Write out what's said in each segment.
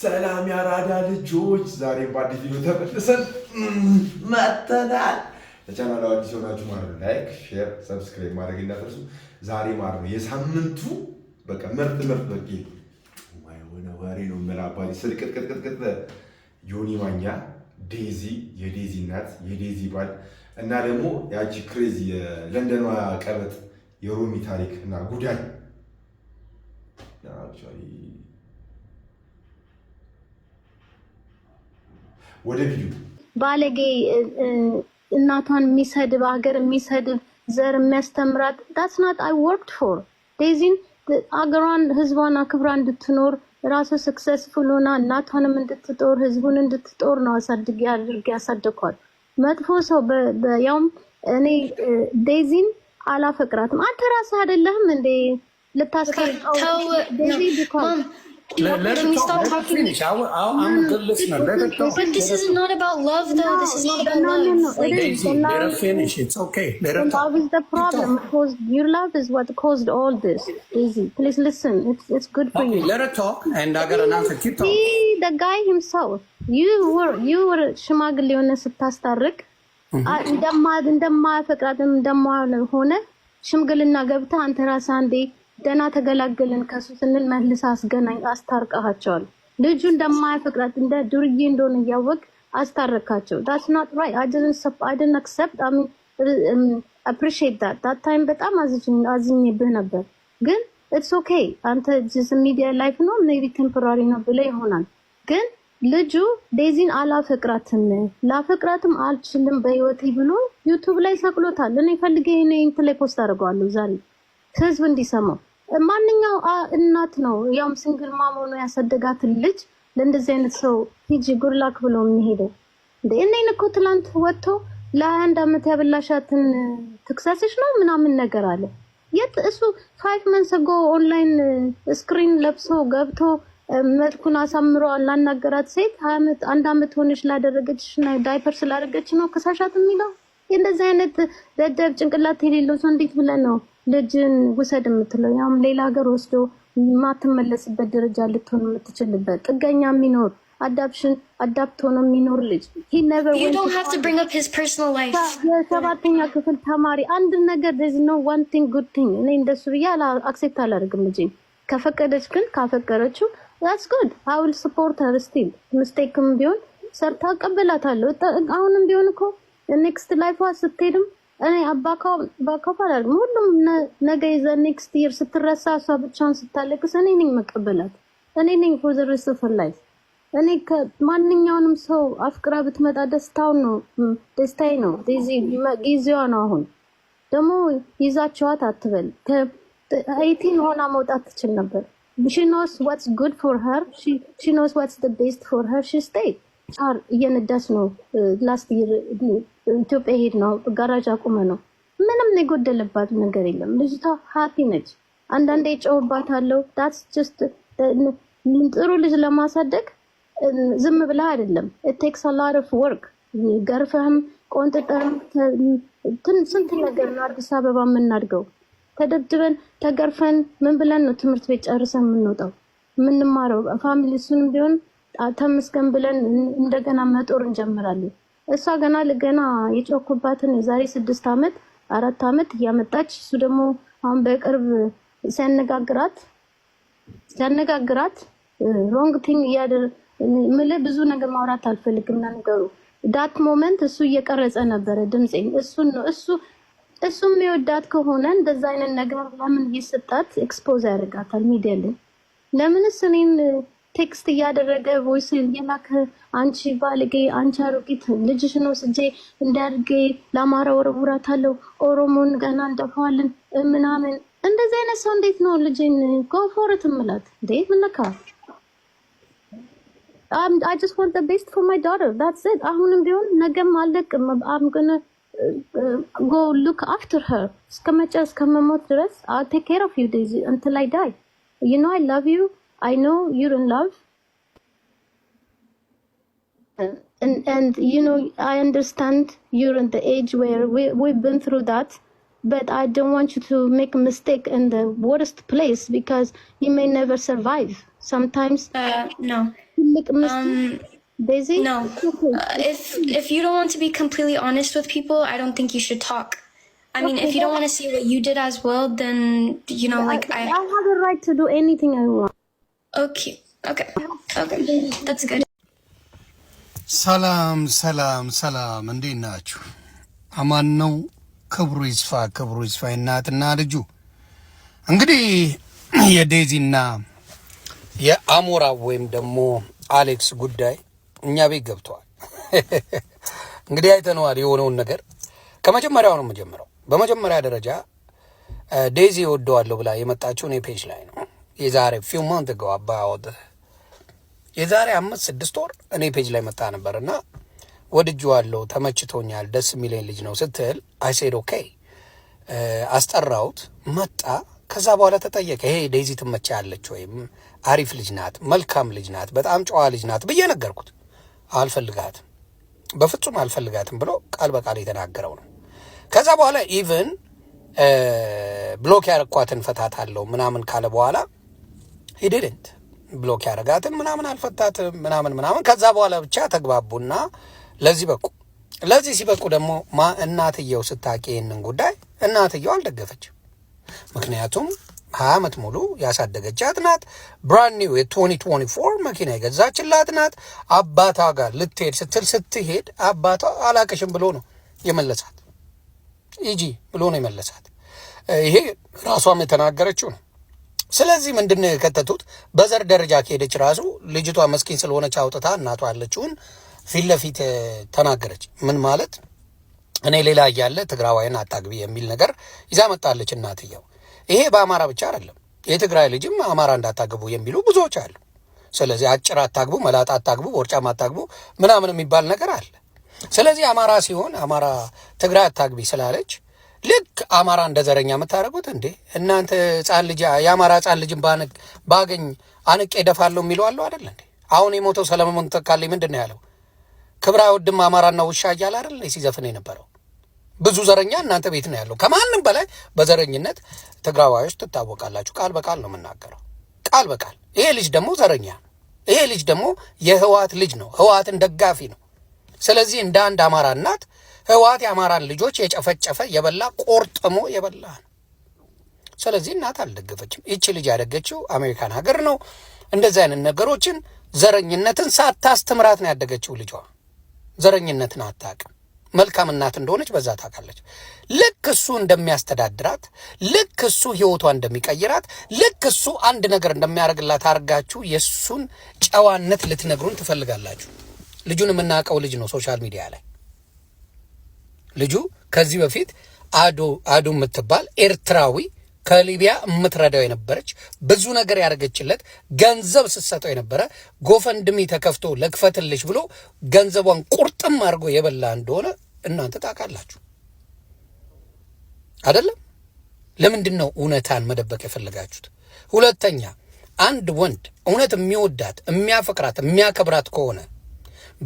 ሰላም ያራዳ ልጆች፣ ዛሬ በአዲስ ቪዲዮ ተመልሰን መተናል። ለቻናሉ አዲስ የሆናችሁ ማለት ነው ላይክ፣ ሼር፣ ሰብስክራይብ ማድረግ እንዳትረሱ። ዛሬ ማለት ነው የሳምንቱ በቃ ምርጥ ምርጥ በቂ የሆነ ወሬ ነው። ምራባሊ ስልቅጥቅጥቅጥ ዮኒ ማኛ፣ ዴዚ፣ የዴዚ እናት፣ የዴዚ ባል እና ደግሞ ያቺ ክሬዚ የለንደኗ ቀበጥ የሮሚ ታሪክ እና ጉዳይ ወደ ቪዲዮ ባለጌ እናቷን የሚሰድብ ሀገር የሚሰድብ ዘር የሚያስተምራት ዳትስ ናት አይ ወርክድ ፎር ዴዚን አገሯን ህዝቧን አክብራ እንድትኖር ራሱ ስክሰስፉል ሆና እናቷንም እንድትጦር ህዝቡን እንድትጦር ነው አሳድግ አድርጌ ያሳድኳል። መጥፎ ሰው ያውም እኔ ዴዚን አላፈቅራትም። አንተ ራስህ አይደለህም እንዴ ልታስቀርጠው Let, let, Can we talk, stop let talking? Finish. I, am a good listener. Let her talk. But this let is not about love, though. No, this is not about no, love. No, no, no. Like, Daisy, let her finish. It's okay. Let her talk. Love is the problem. Because your love is what caused all this. Daisy, please listen. It's it's good for okay, you. Let her talk, and I got an answer. Keep talking. See the guy himself. You were you were ሽማግሌ ሆነ ስታስታርቅ እንደማ እንደማፈቅራት እንደማ ሆነ ሽምግልና ገብታ አንተ ራስህ አንዴ ደህና ተገላገልን ከሱ ስንል መልስ አስገናኝ አስታርቀሃቸዋል። ልጁ እንደማያፈቅራት እንደ ዱርዬ እንደሆነ እያወቅ አስታረካቸው። ዳስ ናት ራይት አይደን አክሰፕት አፕሪሺየት ዳት ታይም በጣም አዝኜብህ ነበር፣ ግን ኢትስ ኦኬ አንተ ሚዲያ ላይፍ ነው ሜቢ ቴምፖራሪ ነው ብለ ይሆናል። ግን ልጁ ዴዚን አላፈቅራትም ላፈቅራትም አልችልም በህይወቴ ብሎ ዩቱብ ላይ ሰቅሎታል። እኔ ፈልጌ እኔ እንትን ላይ ፖስት አድርገዋለሁ ዛሬ ህዝብ እንዲሰማው ማንኛው እናት ነው ያውም ሲንግል ማም ሆኖ ያሳደጋትን ልጅ ለእንደዚህ አይነት ሰው ሂጂ ጉድላክ ብሎ የሚሄደው እንደ እኔን እኮ ትናንት ወጥቶ ለሀያ አንድ አመት ያበላሻትን ትክሳሴች ነው ምናምን ነገር አለ። የት እሱ ፋይቭ መንስ ጎ ኦንላይን ስክሪን ለብሶ ገብቶ መልኩን አሳምሮ ላናገራት ሴት አንድ አመት ሆነች ላደረገች ዳይፐር ስላደረገች ነው ከሳሻት የሚለው። እንደዚህ አይነት ደደብ ጭንቅላት የሌለው ሰው እንዴት ብለን ነው ልጅን ውሰድ የምትለው ያውም ሌላ ሀገር ወስዶ የማትመለስበት ደረጃ ልትሆን የምትችልበት ጥገኛ የሚኖር አዳፕሽን አዳፕት ሆኖ የሚኖር ልጅ የሰባተኛ ክፍል ተማሪ አንድ ነገር ኖ ዋን ቲንግ ጉድ ቲንግ እኔ እንደሱ ብዬ አክሴፕት አላደርግም። ልጅ ከፈቀደች ግን ካፈቀደችው ስ ጉድ ሀውል ስፖርተር ስቲል ምስቴክም ቢሆን ሰርታ እቀበላታለሁ። አሁንም ቢሆን እኮ ኔክስት ላይፍ ስትሄድም እኔ አባካባላል ሁሉም ነገ ይዘ ኔክስት ይር ስትረሳ እሷ ብቻን ስታለቅስ እኔ ነኝ መቀበላት። እኔ ነኝ ፎር ዘ ሬስት ኦፍ ላይፍ። እኔ ከማንኛውንም ሰው አፍቅራ ብትመጣ ደስታውን ነው ደስታዬ ነው ጊዜዋ ነው። አሁን ደግሞ ይዛቸዋት አትበል። ኤይቲን ሆና መውጣት ትችል ነበር። ሺ ኖስ ዋትስ ጉድ ፎር ሀር ሺ ኖስ ዋትስ ቤስት ፎር ሀር ሺ ስቴይ ሳር እየነዳች ነው። ላስት ኢትዮጵያ ሄድ ነው ጋራጅ አቁመ ነው። ምንም የጎደለባት ነገር የለም። ልጅቷ ሀፒ ነች። አንዳንዴ የጨውባት አለው ዳትስ ጀስት ጥሩ ልጅ ለማሳደግ ዝም ብላ አይደለም። ቴክስ አላርፍ ወርክ ገርፈህም ቆንጥጠህም ስንት ነገር ነው አዲስ አበባ የምናድገው። ተደብድበን ተገርፈን ምን ብለን ነው ትምህርት ቤት ጨርሰን የምንወጣው የምንማረው ፋሚሊ እሱንም ቢሆን ተመስገን ብለን እንደገና መጦር እንጀምራለን። እሷ ገና ለገና የጮኩባትን የዛሬ ስድስት ዓመት አራት ዓመት እያመጣች እሱ ደግሞ አሁን በቅርብ ሲያነጋግራት ሲያነጋግራት ሮንግ ቲንግ እያደር ምል ብዙ ነገር ማውራት አልፈልግም። ነገሩ ዳት ሞመንት እሱ እየቀረጸ ነበረ ድምፄን እሱን ነው እሱ እሱም የሚወዳት ከሆነ እንደዛ አይነት ነገር ለምን እየሰጣት ኤክስፖዝ ያደርጋታል ሚዲያ ላይ ለምንስ እኔን ቴክስት እያደረገ ቮይስን እየላከ አንቺ ባልጌ፣ አንቺ አሮጊት ነው ስጄ እንዳርጌ ለአማራ አለው ኦሮሞን ገና እንደፋዋለን ምናምን። እንደዚህ አይነት ሰው እንዴት ነው ልጅን ኮንፎርት ምላት እንዴ? ምነካ አሁንም ቢሆን ነገም አለቅም። I'm ጎ ሉክ አፍተር look እስከመጫ እስከመሞት ድረስ I'll take care of you Daisy until I die. ዩ I know you're in love. And, and, you know, I understand you're in the age where we, we've been through that, but I don't want you to make a mistake in the worst place because you may never survive. Sometimes. Uh, no. make a mistake. Um... Daisy? No. Uh, if if you don't want to be completely honest with people, I don't think you should talk. I mean, okay, if you don't want to see what you did as well, then you know, like I, I, I have a right to do anything I want. ሰላም ሰላም ሰላም፣ እንዴት ናችሁ? አማን ነው። ክብሩ ይስፋ፣ ክብሩ ይስፋ። እናትና ልጁ እንግዲህ የዴዚና የአሞራ ወይም ደግሞ አሌክስ ጉዳይ እኛ ቤት ገብተዋል። እንግዲህ አይተነዋል የሆነውን ነገር። ከመጀመሪያው ነው የምጀምረው። በመጀመሪያ ደረጃ ዴዚ እወደዋለሁ ብላ የመጣችው እኔ ፔጅ ላይ ነው የዛሬ ፊው ማንት ጎ አባውት የዛሬ አምስት ስድስት ወር እኔ ፔጅ ላይ መጣ ነበር እና ወድጄዋለሁ፣ ተመችቶኛል፣ ደስ የሚለኝ ልጅ ነው ስትል አይሴድ ኦኬ አስጠራሁት፣ መጣ። ከዛ በኋላ ተጠየቀ። ይሄ ዴይዚ ትመቻለች ወይም አሪፍ ልጅ ናት፣ መልካም ልጅ ናት፣ በጣም ጨዋ ልጅ ናት ብዬ ነገርኩት። አልፈልጋትም፣ በፍጹም አልፈልጋትም ብሎ ቃል በቃል የተናገረው ነው። ከዛ በኋላ ኢቭን ብሎክ ያረኳትን ፈታታለሁ ምናምን ካለ በኋላ ሂድድንት ብሎክ ያደረጋትን ምናምን አልፈታትም ምናምን ምናምን። ከዛ በኋላ ብቻ ተግባቡና ለዚህ በቁ። ለዚህ ሲበቁ ደግሞ ማ እናትየው ስታቂ ይህንን ጉዳይ እናትየው አልደገፈችም። ምክንያቱም ሀያ ዓመት ሙሉ ያሳደገቻት ናት። ብራንድ ኒው የ2024 መኪና የገዛችላት ናት። አባቷ ጋር ልትሄድ ስትል ስትሄድ አባቷ አላቅሽም ብሎ ነው የመለሳት። ሂጂ ብሎ ነው የመለሳት። ይሄ ራሷም የተናገረችው ነው። ስለዚህ ምንድን ነው የከተቱት? በዘር ደረጃ ከሄደች ራሱ ልጅቷ መስኪን ስለሆነች አውጥታ እናቷ ያለችውን ፊት ለፊት ተናገረች። ምን ማለት እኔ ሌላ እያለ ትግራዋይን አታግቢ የሚል ነገር ይዛ መጣለች እናትየው። ይሄ በአማራ ብቻ አይደለም፣ የትግራይ ልጅም አማራ እንዳታግቡ የሚሉ ብዙዎች አሉ። ስለዚህ አጭር አታግቡ፣ መላጣ አታግቡ፣ ወርጫም አታግቡ ምናምን የሚባል ነገር አለ። ስለዚህ አማራ ሲሆን አማራ ትግራይ አታግቢ ስላለች ልክ አማራ እንደ ዘረኛ የምታደርጉት እንዴ እናንተ ህጻን ልጅ የአማራ ህጻን ልጅን ባገኝ አንቄ ደፋለሁ የሚለው አለው አደለ እንዴ? አሁን የሞተው ሰለሞን ተካልኝ ምንድን ነው ያለው? ክብራ ውድም አማራና ውሻ እያለ አደለ ሲዘፍን የነበረው? ብዙ ዘረኛ እናንተ ቤት ነው ያለው። ከማንም በላይ በዘረኝነት ትግራዋዮች ትታወቃላችሁ። ቃል በቃል ነው የምናገረው፣ ቃል በቃል። ይሄ ልጅ ደግሞ ዘረኛ ይሄ ልጅ ደግሞ የህወሓት ልጅ ነው፣ ህወሓትን ደጋፊ ነው። ስለዚህ እንደ አንድ አማራ እናት ህወሓት የአማራን ልጆች የጨፈጨፈ የበላ ቆርጥሞ የበላ ነው። ስለዚህ እናት አልደገፈችም። ይቺ ልጅ ያደገችው አሜሪካን ሀገር ነው። እንደዚህ አይነት ነገሮችን ዘረኝነትን ሳታስተምራት ነው ያደገችው። ልጇ ዘረኝነትን አታውቅም። መልካም እናት እንደሆነች በዛ ታውቃለች። ልክ እሱ እንደሚያስተዳድራት፣ ልክ እሱ ህይወቷ እንደሚቀይራት፣ ልክ እሱ አንድ ነገር እንደሚያደርግላት አድርጋችሁ የእሱን ጨዋነት ልትነግሩን ትፈልጋላችሁ። ልጁን የምናውቀው ልጅ ነው ሶሻል ሚዲያ ላይ ልጁ ከዚህ በፊት አዶ አዶ የምትባል ኤርትራዊ ከሊቢያ የምትረዳው የነበረች ብዙ ነገር ያደረገችለት ገንዘብ ስትሰጠው የነበረ ጎፈንድሚ ተከፍቶ ለክፈትልሽ ብሎ ገንዘቧን ቁርጥም አድርጎ የበላ እንደሆነ እናንተ ታውቃላችሁ አይደለም? ለምንድን ነው እውነታን መደበቅ የፈለጋችሁት? ሁለተኛ አንድ ወንድ እውነት የሚወዳት የሚያፈቅራት የሚያከብራት ከሆነ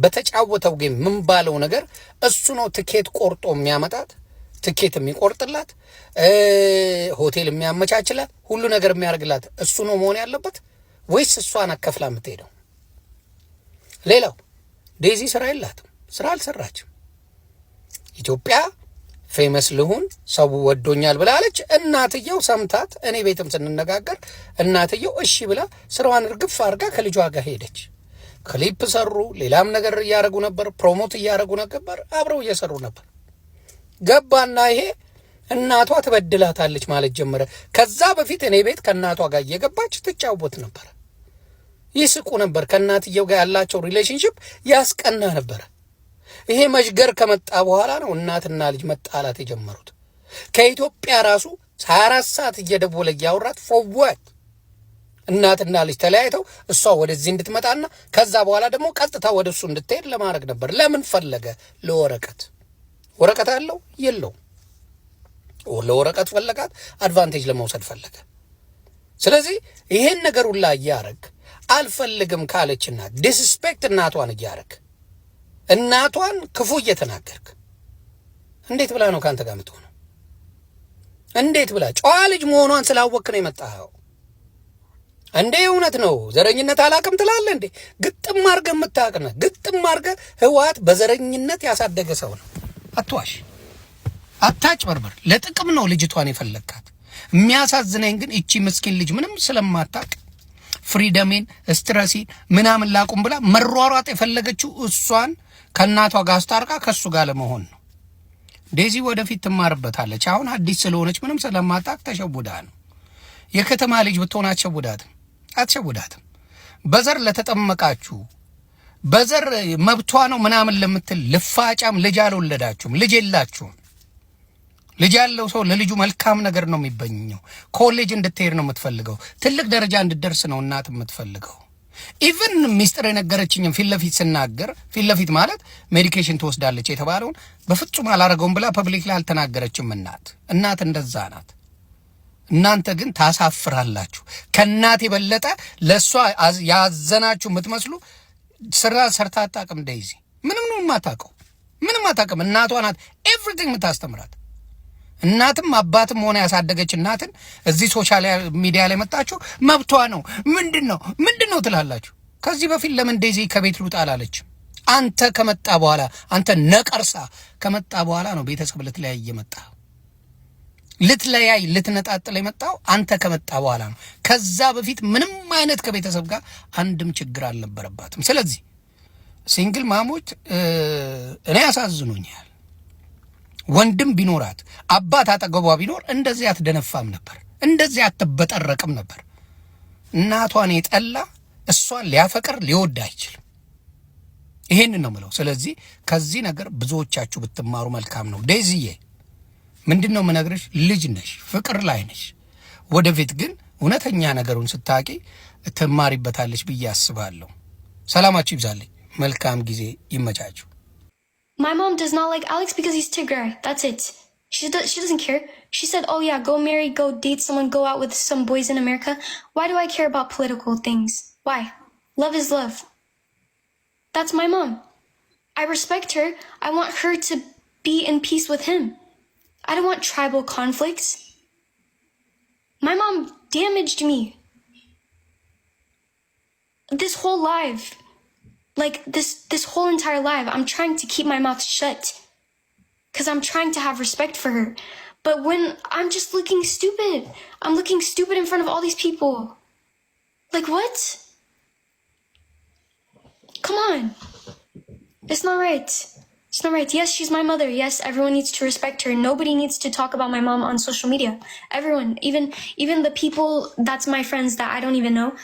በተጫወተው ጌም ምን ባለው ነገር እሱ ነው ትኬት ቆርጦ የሚያመጣት ትኬት የሚቆርጥላት ሆቴል የሚያመቻችላት ሁሉ ነገር የሚያደርግላት እሱ ነው መሆን ያለበት ወይስ እሷን አከፍላ የምትሄደው? ሌላው ዴዚ ስራ የላትም፣ ስራ አልሰራችም። ኢትዮጵያ ፌመስ ልሁን ሰው ወዶኛል ብላለች። እናትየው ሰምታት፣ እኔ ቤትም ስንነጋገር እናትየው እሺ ብላ ስራዋን እርግፍ አድርጋ ከልጇ ጋር ሄደች። ክሊፕ ሰሩ፣ ሌላም ነገር እያደረጉ ነበር፣ ፕሮሞት እያደረጉ ነበር፣ አብረው እየሰሩ ነበር። ገባና ይሄ እናቷ ትበድላታለች ማለት ጀመረ። ከዛ በፊት እኔ ቤት ከእናቷ ጋር እየገባች ትጫወት ነበር፣ ይስቁ ነበር። ከእናትየው ጋር ያላቸው ሪሌሽንሽፕ ያስቀና ነበረ። ይሄ መሽገር ከመጣ በኋላ ነው እናትና ልጅ መጣላት የጀመሩት። ከኢትዮጵያ ራሱ 24 ሰዓት እየደወለ እያወራት ፎዋት እናትና ልጅ ተለያይተው እሷ ወደዚህ እንድትመጣና ከዛ በኋላ ደግሞ ቀጥታ ወደ እሱ እንድትሄድ ለማድረግ ነበር። ለምን ፈለገ? ለወረቀት። ወረቀት አለው የለው? ለወረቀት ፈለጋት፣ አድቫንቴጅ ለመውሰድ ፈለገ። ስለዚህ ይሄን ነገር ሁላ እያረግ አልፈልግም ካለችና ዲስስፔክት እናቷን እያረግ እናቷን ክፉ እየተናገርክ እንዴት ብላ ነው ከአንተ ጋር የምትሆነው? እንዴት ብላ ጨዋ ልጅ መሆኗን ስላወክ ነው የመጣኸው። እንዴ እውነት ነው። ዘረኝነት አላቅም ትላለ እንዴ? ግጥም አድርገህ የምታቅነ ግጥም አርገ ህወሓት በዘረኝነት ያሳደገ ሰው ነው። አትዋሽ፣ አታጭበርበር። ለጥቅም ነው ልጅቷን የፈለግካት። የሚያሳዝነኝ ግን እቺ ምስኪን ልጅ ምንም ስለማታቅ ፍሪደሜን ስትረሲን ምናምን ላቁም ብላ መሯሯጥ የፈለገችው እሷን ከእናቷ ጋር አስታርቃ ከእሱ ጋር ለመሆን ነው። ዴዚ ወደፊት ትማርበታለች። አሁን አዲስ ስለሆነች ምንም ስለማታቅ ተሸውዳ ነው። የከተማ ልጅ ብትሆን አትሸውዳትም። አትሸውዳትም። በዘር ለተጠመቃችሁ በዘር መብቷ ነው ምናምን ለምትል ልፋጫም ልጅ አልወለዳችሁም፣ ልጅ የላችሁም። ልጅ ያለው ሰው ለልጁ መልካም ነገር ነው የሚበኘው። ኮሌጅ እንድትሄድ ነው የምትፈልገው። ትልቅ ደረጃ እንድደርስ ነው እናት የምትፈልገው። ኢቨን ሚስጥር የነገረችኝም ፊት ለፊት ስናገር ፊት ለፊት ማለት ሜዲኬሽን ትወስዳለች የተባለውን በፍጹም አላረገውም ብላ ፐብሊክ ላይ አልተናገረችም። እናት እናት እንደዛ ናት። እናንተ ግን ታሳፍራላችሁ። ከእናት የበለጠ ለእሷ ያዘናችሁ የምትመስሉ ስራ ሰርታ አታውቅም። ዴይዚ ምንም ነው የማታውቀው፣ ምንም አታውቅም። እናቷ ናት ኤቭሪቲንግ የምታስተምራት። እናትም አባትም ሆነ ያሳደገች እናትን እዚህ ሶሻል ሚዲያ ላይ መጣችሁ መብቷ ነው ምንድን ነው ምንድን ነው ትላላችሁ። ከዚህ በፊት ለምን ዴይዚ ከቤት ልውጣ አላለችም? አንተ ከመጣ በኋላ አንተ ነቀርሳ ከመጣ በኋላ ነው ቤተሰብ ልትለያየ መጣ ልትለያይ ልትነጣጥል የመጣው አንተ ከመጣ በኋላ ነው። ከዛ በፊት ምንም አይነት ከቤተሰብ ጋር አንድም ችግር አልነበረባትም። ስለዚህ ሲንግል ማሞች እኔ ያሳዝኑኛል። ወንድም ቢኖራት አባት አጠገቧ ቢኖር እንደዚህ አትደነፋም ነበር፣ እንደዚህ አትበጠረቅም ነበር። እናቷን የጠላ እሷን ሊያፈቅር ሊወድ አይችልም። ይሄንን ነው ምለው። ስለዚህ ከዚህ ነገር ብዙዎቻችሁ ብትማሩ መልካም ነው። ዴዚዬ ምንድን ነው ምነግርሽ? ልጅ ነሽ፣ ፍቅር ላይ ነሽ። ወደፊት ግን እውነተኛ ነገሩን ስታቂ ትማሪበታለች ብዬ አስባለሁ። ሰላማችሁ ይብዛልኝ። መልካም ጊዜ ይመቻችሁ። My mom does not like Alex because he's Tigray. That's it. She, do she doesn't care. She said, oh yeah, go marry, go date someone, go out with some boys in America. Why do I care about political things? Why? Love is love. That's my mom. I respect her. I want her to be in peace with him. I don't want tribal conflicts. My mom damaged me. This whole life, like this this whole entire life, I'm trying to keep my mouth shut cuz I'm trying to have respect for her. But when I'm just looking stupid, I'm looking stupid in front of all these people. Like what? Come on. It's not right not right. Yes, she's my mother. Yes, everyone needs to respect her. Nobody needs to talk about my mom on social media. Everyone, even even the people that's my friends that I don't even know,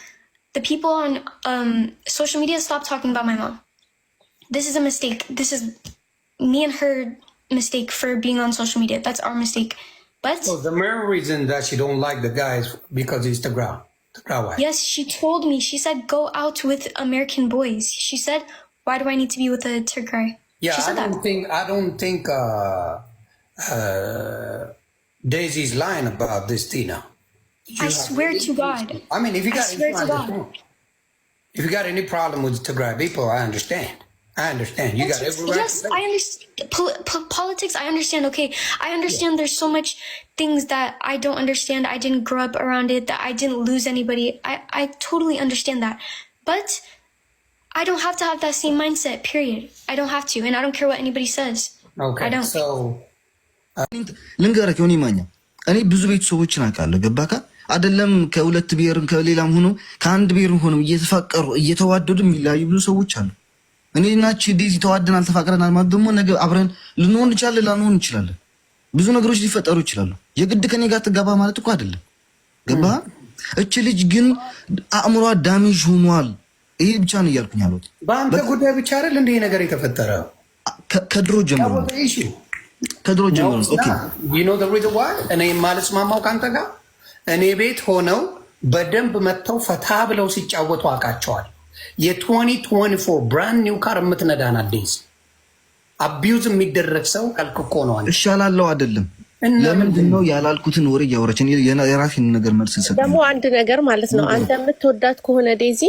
the people on um, social media stop talking about my mom. This is a mistake. This is me and her mistake for being on social media. That's our mistake. But well, the main reason that she don't like the guys because he's the ground. The Yes, she told me. She said go out with American boys. She said, why do I need to be with a Tigray? Yeah, she said I don't that. think I don't think uh, uh, Daisy's lying about this, Tina. You I swear to God. I mean, if you got, any, problem, if you got any problem with grab people, I understand. I understand. You got every right. Yes, I understand. po politics, I understand. Okay, I understand. Yeah. There's so much things that I don't understand. I didn't grow up around it. That I didn't lose anybody. I I totally understand that. But I don't have to have that same mindset, period. I don't have to, and I don't care what anybody says. Okay, I don't. So, uh, ልንገርህ ሆን ይማኛ እኔ ብዙ ቤተሰቦችን አውቃለሁ። ገባህ? አይደለም ከሁለት ብሔርም ከሌላም ሆኖ ከአንድ ብሔርም ሆኖ እየተፋቀሩ እየተዋደዱ የሚለያዩ ብዙ ሰዎች አሉ። እኔ ናች ዴዚ ተዋደናል ተፋቅረናል ማለት ደግሞ ነገ አብረን ልንሆን እንችላለን ላንሆን እንችላለን። ብዙ ነገሮች ሊፈጠሩ ይችላሉ። የግድ ከኔ ጋር ትጋባ ማለት እኮ አይደለም። ገባህ? እች ልጅ ግን አእምሯ ዳሜዥ ሆኗል። ይሄ ብቻ ነው እያልኩኝ ያሉት። በአንተ ጉዳይ ብቻ አይደል እንደ ነገር የተፈጠረ ከድሮ ጀምሮ ከድሮ ጀምሮ እኔ የማልስማማው ከአንተ ጋር እኔ ቤት ሆነው በደንብ መጥተው ፈታ ብለው ሲጫወቱ አውቃቸዋል። የ2024 ብራንድ ኒው ካር የምትነዳና አዲስ አቢዩዝ የሚደረግ ሰው ቀልቅቆ ነው እሻላለው አይደለም። ለምንድን ነው ያላልኩትን ወሬ እያወረችን የራሴን ነገር መልስ ደግሞ አንድ ነገር ማለት ነው አንተ የምትወዳት ከሆነ ዴዚ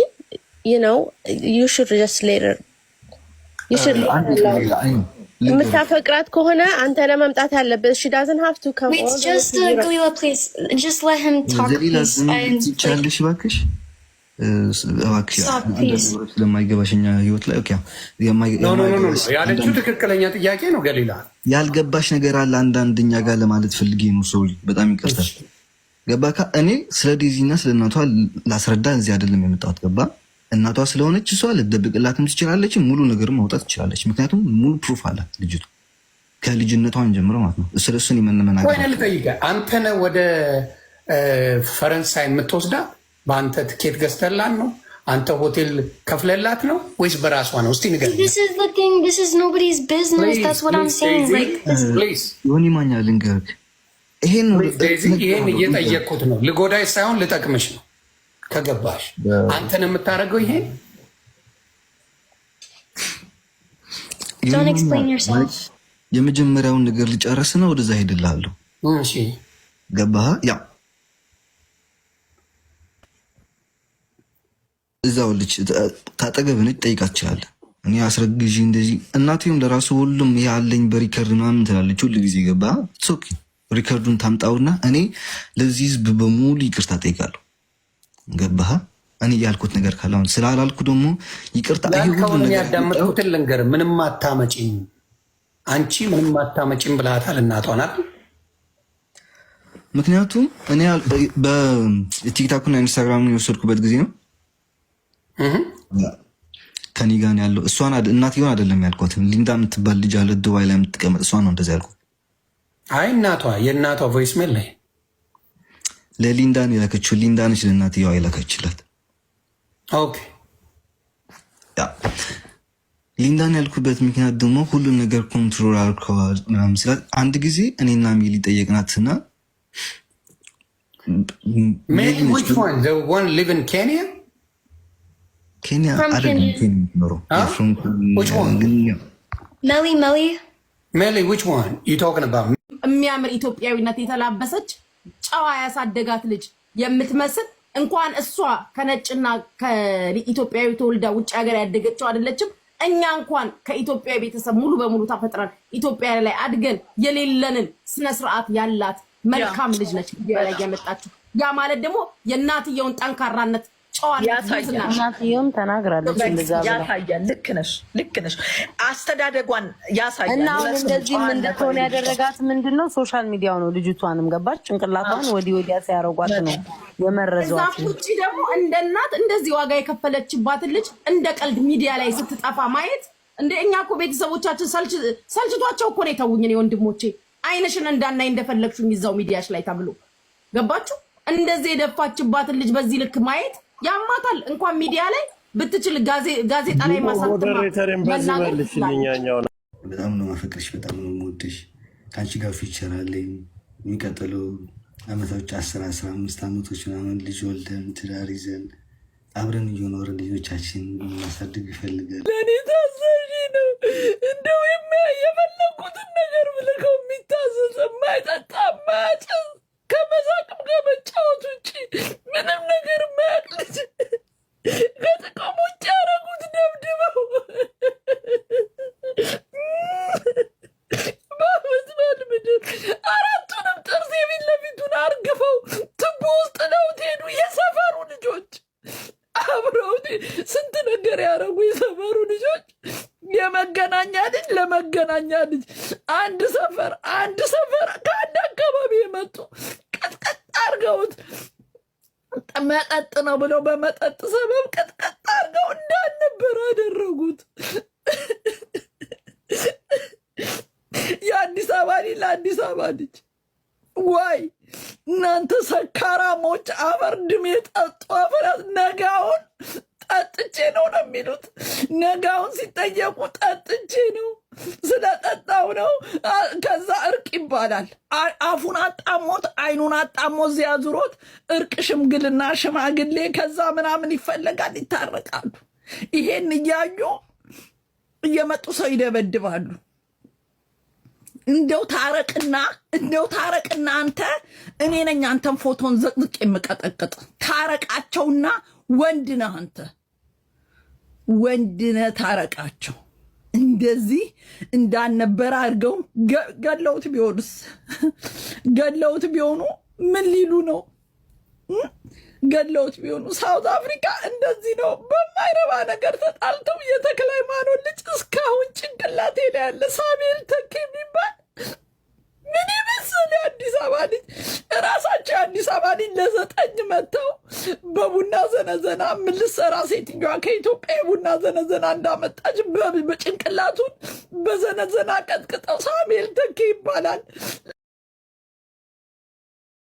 የምታፈቅራት ከሆነ አንተ ለመምጣት ያለበት ዳዝን ሀፍቱ ቻለሽ እባክሽ ስለማይገባሽ እኛ ህይወት ላይ ያለችው ትክክለኛ ጥያቄ ነው። ገሊላ ያልገባሽ ነገር አለ አንዳንድ እኛ ጋር ለማለት ፈልጌ ነው። ሰው በጣም ይቀርታል። ገባ እኔ ስለ ዴዚ እና ስለ እናቷ ላስረዳ እዚህ አይደለም የመጣሁት ገባ እናቷ ስለሆነች እሷ ልትደብቅላትም ትችላለች። ሙሉ ነገር ማውጣት ትችላለች። ምክንያቱም ሙሉ ፕሩፍ አላት ልጅቱ ከልጅነቷን ጀምሮ ማለት ነው። ስለሱን የምንመናገር አንተ ነህ ወደ ፈረንሳይ የምትወስዳት በአንተ ትኬት ገዝተላት ነው? አንተ ሆቴል ከፍለላት ነው ወይስ በራሷ ነው? እስቲ ንገሪኝ ማኛ ልንገርህ። ይሄን እየጠየቅኩት ነው ልጎዳይ ሳይሆን ልጠቅምሽ ነው። ከገባሽ አንተን የምታደርገው ይሄ የመጀመሪያውን ነገር ልጨርስ ነው። ወደዛ ሄድልሃለሁ። ገባ ያ እዛው ልጅ ታጠገብ ነች፣ ጠይቃት ትችላለህ። እኔ አስረግዥ እንደዚህ እናቴም ለራሱ ሁሉም ያለኝ በሪከርድ ምናምን ትላለች ሁሉ ጊዜ ገባ ሪከርዱን ታምጣውና እኔ ለዚህ ህዝብ በሙሉ ይቅርታ ጠይቃለሁ። ገባህ? እኔ ያልኩት ነገር ካለሁን ስላላልኩ ደግሞ ይቅርታ። ሁሉ ያዳምጥኩትን ልንገርህ። ምንም አታመጪም አንቺ ምንም አታመጪም ብላታል እናቷን ምክንያቱም እኔ በቲክታኩና ኢንስታግራም የወሰድኩበት ጊዜ ነው ከኔ ጋር ያለው እሷን እናትየውን አይደለም ያልኳት። ሊንዳ የምትባል ልጅ አለ ዱባይ ላይ የምትቀመጥ እሷን ነው እንደዚህ ያልኩት። አይ እናቷ የእናቷ ቮይስ ሜል ላይ ለሊንዳን የላከችው ሊንዳንች ለእናትየዋ የላከችላት ሊንዳን ያልኩበት ምክንያት ደግሞ ሁሉም ነገር ኮንትሮል አልከዋል ምናምን አንድ ጊዜ እኔና ሚሊ ጠየቅናትና ኬንያ የሚያምር ኢትዮጵያዊነት የተላበሰች ጨዋ ያሳደጋት ልጅ የምትመስል እንኳን እሷ ከነጭና ከኢትዮጵያዊ ተወልዳ ውጭ ሀገር ያደገችው አይደለችም። እኛ እንኳን ከኢትዮጵያ ቤተሰብ ሙሉ በሙሉ ተፈጥረን ኢትዮጵያ ላይ አድገን የሌለንን ስነስርዓት ያላት መልካም ልጅ ነች ላይ ያመጣችው። ያ ማለት ደግሞ የእናትየውን ጠንካራነት ጨዋናትም ተናግራለች። ያሳያል። ልክ ነሽ፣ ልክ ነሽ። አስተዳደጓን ያሳያል። እና አሁን እንድትሆን ያደረጋት ምንድን ነው? ሶሻል ሚዲያው ነው። ልጅቷንም ገባች፣ ጭንቅላቷን ወዲህ ወዲያ ሲያረጓት ነው የመረዘዋት። ውጭ ደግሞ እንደ እናት እንደዚህ ዋጋ የከፈለችባትን ልጅ እንደ ቀልድ ሚዲያ ላይ ስትጠፋ ማየት እንደ እኛ እኮ ቤተሰቦቻችን ሰልችቷቸው እኮ ነው የተውኝ። እኔ ወንድሞቼ አይንሽን እንዳናይ እንደፈለግሽው እዛው ሚዲያሽ ላይ ተብሎ ገባችሁ። እንደዚህ የደፋችባትን ልጅ በዚህ ልክ ማየት ያማታል። እንኳን ሚዲያ ላይ ብትችል ጋዜጣ ላይ ማሳተማናገር። በጣም ነው ማፈቅርሽ፣ በጣም ነው የምወድሽ። ከአንቺ ጋር ፊቸር አለኝ። የሚቀጥለው አመታዎች አስር አስራ አምስት አመቶች ምናምን ልጅ ወልደን ትዳር ይዘን አብረን እየኖርን ልጆቻችን ማሳድግ ይፈልጋል። ለእኔ ታዛዥ ነው። እንደው የፈለኩትን ነገር ብልከው የሚታዘዝ የማይጠጣ ማጨስ ከመሳቅም ከመጫወት ውጭ ምንም ነገር ማያቅ ልጅ ነው ብለው በመጠጥ ሰበብ ቀጥቀጥ አርገው እንዳልነበር አደረጉት። የአዲስ አበባ ልጅ ለአዲስ አበባ ልጅ ዋይ እናንተ ሰካራሞች፣ አፈር ድሜ ጠጡ። አፈራት ነጋውን ጠጥቼ ነው ነው የሚሉት። ነጋውን ሲጠየቁ ጠጥቼ ነው ስለጠጣው ነው። ከዛ እርቅ ይባላል። አፉን አጣሞት አይኑን አጣሞት ዚያ እርቅ፣ ሽምግልና፣ ሽማግሌ ከዛ ምናምን ይፈለጋል፣ ይታረቃሉ። ይሄን እያዩ እየመጡ ሰው ይደበድባሉ። እንደው ታረቅና እንደው ታረቅና አንተ እኔ ነኝ አንተን ፎቶን ዘቅዝቅ የምቀጠቅጥ ታረቃቸውና፣ ወንድ ነህ አንተ ወንድ ነህ ታረቃቸው። እንደዚህ እንዳልነበረ አድርገው ገለውት ቢሆኑስ ገለውት ቢሆኑ ምን ሊሉ ነው? ገለውት ቢሆኑ ሳውት አፍሪካ እንደዚህ ነው። በማይረባ ነገር ተጣልተው የተክለ ሃይማኖት ልጅ እስካሁን ጭንቅላቴ ላይ ያለ ሳሙኤል ተክ የሚባል ምን የመሰለ አዲስ አበባ ልጅ እራሳቸው የአዲስ አበባ ልጅ ለዘጠኝ መጥተው በቡና ዘነዘና ምን ልትሰራ ሴትዮዋ ከኢትዮጵያ የቡና ዘነዘና እንዳመጣች በጭንቅላቱን በዘነዘና ቀጥቅጠው ሳሙኤል ተኬ ይባላል።